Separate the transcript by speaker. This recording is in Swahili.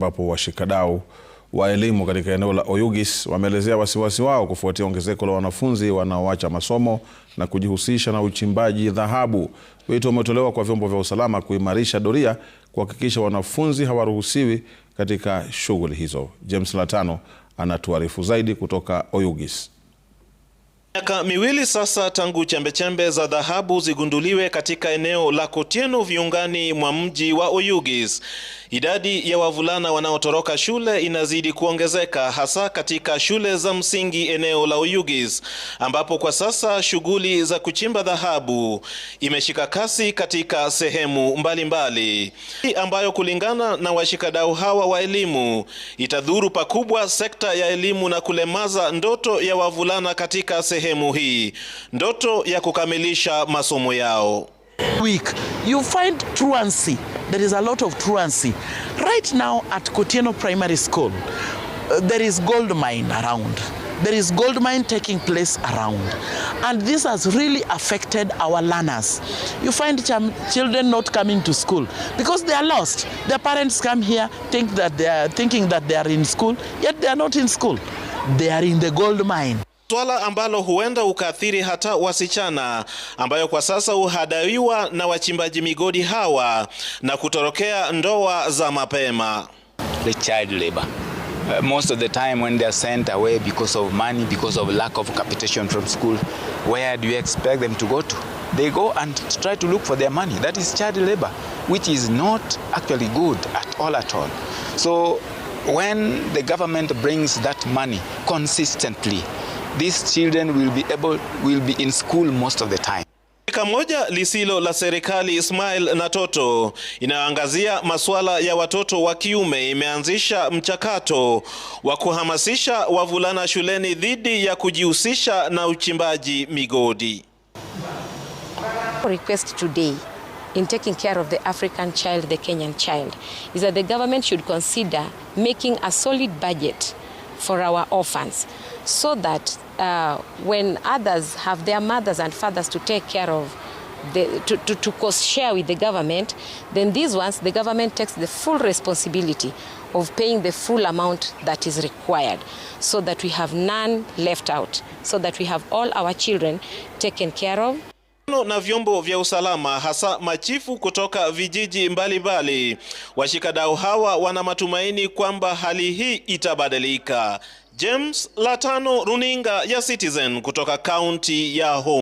Speaker 1: ambapo washikadau wa elimu katika eneo la Oyugis wameelezea wasiwasi wao kufuatia ongezeko la wanafunzi wanaoacha masomo na kujihusisha na uchimbaji dhahabu. Wito umetolewa kwa vyombo vya usalama kuimarisha doria kuhakikisha wanafunzi hawaruhusiwi katika shughuli hizo. James Latano anatuarifu zaidi kutoka Oyugis.
Speaker 2: Miaka miwili sasa tangu chembechembe za dhahabu zigunduliwe katika eneo la Kotieno viungani mwa mji wa Oyugis. Idadi ya wavulana wanaotoroka shule inazidi kuongezeka hasa katika shule za msingi eneo la Oyugis ambapo kwa sasa shughuli za kuchimba dhahabu imeshika kasi katika sehemu mbalimbali mbali, ambayo kulingana na washikadau hawa wa elimu itadhuru pakubwa sekta ya elimu na kulemaza ndoto ya wavulana katika sehemu sehemu hii, ndoto ya kukamilisha masomo yao.
Speaker 3: Week, you find truancy. There is a lot of truancy. Right now at Kotieno Primary School, uh, there is gold mine around. There is gold mine taking place around. And this has really affected our learners. You find ch children not coming to school because they are lost. Their parents come here think that they are, thinking that they are in school, yet they are not in school. They are in the gold mine
Speaker 2: swala ambalo huenda ukaathiri hata wasichana, ambayo kwa sasa uhadawiwa na wachimbaji migodi hawa na kutorokea ndoa za mapema.
Speaker 4: The child labor. Uh, most of the time when they are sent away because of money, because of lack of capitation from school, where do you expect them to go to? They go and try to look for their money. That is child labor, which is not actually good at all at all. So when the government brings that money consistently, these children will be able will be in school most of the time.
Speaker 2: Shirika moja lisilo la serikali Smile na Toto inayoangazia masuala ya watoto wa kiume imeanzisha mchakato wa kuhamasisha wavulana shuleni dhidi ya kujihusisha na uchimbaji migodi.
Speaker 5: Request today in taking care of the African child, the Kenyan child, is that the government should consider making a solid budget for our orphans so that uh, when others have their mothers and fathers to take care of the, to, to, to co-share with the government, then these ones, the government takes the full responsibility of paying the full amount that is required so that we have none left out, so that we have all our children taken care of
Speaker 2: na vyombo vya usalama hasa machifu kutoka vijiji mbalimbali. Washikadau hawa wana matumaini kwamba hali hii itabadilika. James Latano, runinga ya Citizen kutoka kaunti ya Homa.